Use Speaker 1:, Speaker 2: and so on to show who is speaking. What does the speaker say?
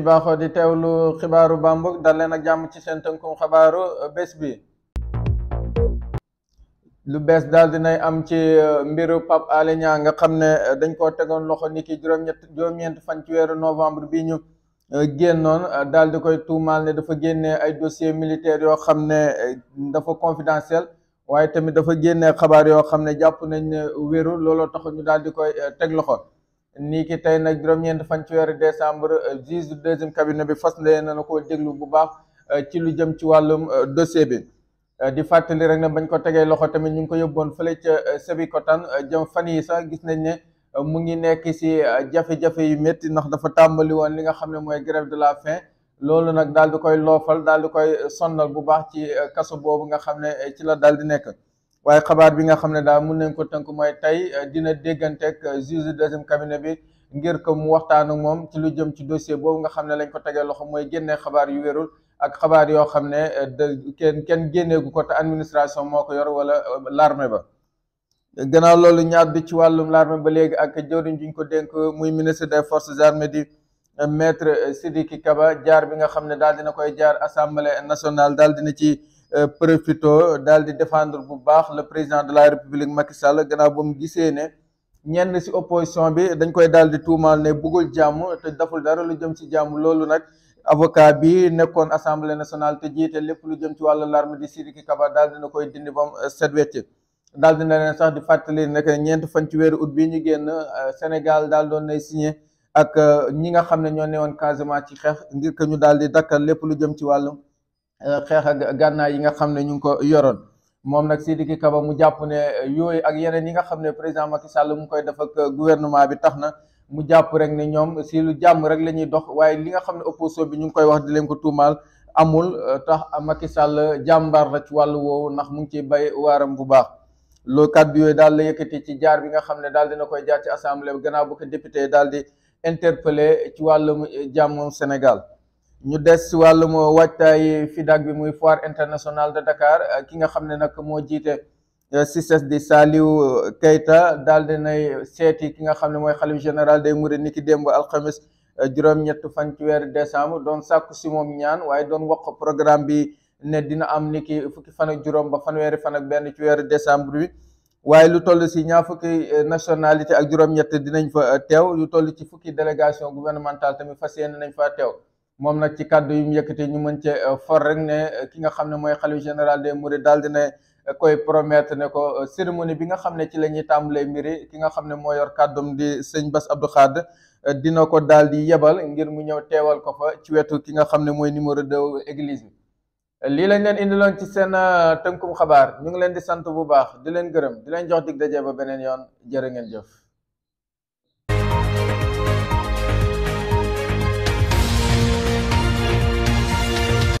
Speaker 1: ci baaxoo di teewlu xibaaru bambuk dal leen ak jàmm ci seen tënkum xabaaru uh, bés bi lu bees daal dinay am ci uh, mbiru Pape Alé nga xam ne uh, dañ koo tegoon loxo ni ki juróom-ñett juróom ci weeru novembre bi ñu génnoon daal di koy tuumaal ne dafa génne ay dossier militaire yoo xam ne dafa confidentiel waaye tamit dafa génne xabaar yoo xam ne jàpp nañ ne wéru looloo tax ñu daal di koy teg loxo nii ki tey nag juróom-ñeent fan ci weeru décembre euh, deuxième cabinet bi fas leen na ko déglu bu baax euh, ci lu jëm ci wàllum euh, dossier bi di fàttali rek ne bañ ko tegee loxo tamit ñu ngi ko yóbboon fële ca Sébikotane jëm fan yi sax gis nañ ne mu ngi nekk si jafe-jafe yu métti ndax dafa tàmbali woon li nga xam ne mooy grève de la fin loolu nag daal di koy loofal daal di koy sonnal bu baax ci kaso boobu nga xam ne ci la daal di nekk. waaye xabaar bi nga xam ne daal mun nañ ko tënk mooy tey euh, dina dégganteeg euh, juge du deuxième cabinet bi ngir ko mu waxtaan moom ci lu jëm ci dossier boobu nga xam ne lañ ko tegee loxo mooy génne xabaar yu wérul ak xabaar yoo xam ne euh, de kenn kenn génneegu ko te administration moo ko yor wala l'armée ba gannaaw loolu ñaar bi ci wàllum l'armée ba léegi ak jëwriñ juñ ko dénk muy ministre des force armées di maître Sidiki Kaba jaar bi nga xam ne daal dina koy jaar assemblée nationale daal dina ci Euh, profito dal di défendre bu baax la président de la république Macky Sall gannaaw ba mu gisee ne ñenn ci opposition bi dañ koy daal di tuumaal ne bëggul jàmm te daful dara lu jëm ci jàmm loolu nag avocat bi nekkoon assemblée nationale te jiite lépp lu jëm ci wàllu larme di Sidiki Kaba daal dina koy dindi bam euh, set wecc daal na leen sax di fàttali ne ñeent fan ci weeru ut bi ñu génn euh, Sénégal daal doon nay signé ak ñi nga xam ne ñoo newoon Casamance ci xeex ngir que ñu daal di dakkal lépp lu jëm ci wàllum. Euh, xeex ak gànnaay yi nga xam ne ñu ngi ko yoroon moom nag si di Sidiki Kaba mu jàpp ne yooyu ak yeneen yi nga xam ne président Macky Sall mu koy def ak gouvernement bi tax na mu jàpp rek ne ñoom si lu jàmm rek la ñuy dox waaye li nga xam ne opposition bi ñu ngi koy wax di leen ko tuumaal amul euh, tax Macky Sall jàmbaar la ci wàll woowu ndax mu ngi ciy bay waaram bu baax loolu kàddu yooyu daal la yëkkati ci jaar bi nga xam ne daal dina koy jaar ci assemblée bi gannaaw bu ko député daal di interpellé ci wàllum jàmm Sénégal ñu des si wàllum waajtaay FIDAK bi muy foire internationale de Dakar euh, ki nga xam ne nag moo jiite euh, CICES di Saliou euh, Keita daal di nay seeti ki nga xam ne mooy xalif général des Mourides niki démb alxames juróom-ñett fan ci weeru décembre doon sàkku si moom ñaan waaye doon wax programme bi ne dina am niki fukki fan ak juróom ba fanweeri fan ak benn ci weeru décembre wi waaye lu toll si ñaar fukki nationalité ak juróom-ñett dinañ fa teew lu toll ci fukki délégation gouvernementale tamit fas yéene nañ fa teew. moom nag ci kàddu yu mu yëkkate ñu mën cee euh, for rek ne euh, ki nga xam ne mooy xalifa général des mourides daal dina euh, koy promettre ne ko cérémonie bi nga xam ne ci la ñuy tàmbalee mbiri ki nga xam ne mooy yor kàddum di sëñ Bass Abdou Khad dina ko daal di yebal ngir mu ñëw teewal ko fa ci wetu ki nga xam ne mooy numéro deux église bi lii lañ leen indiloon ci seen tënkum xabaar ñu ngi leen di sant bu baax di leen gërëm di leen jox dig daje ba beneen yoon jër ngeen jëf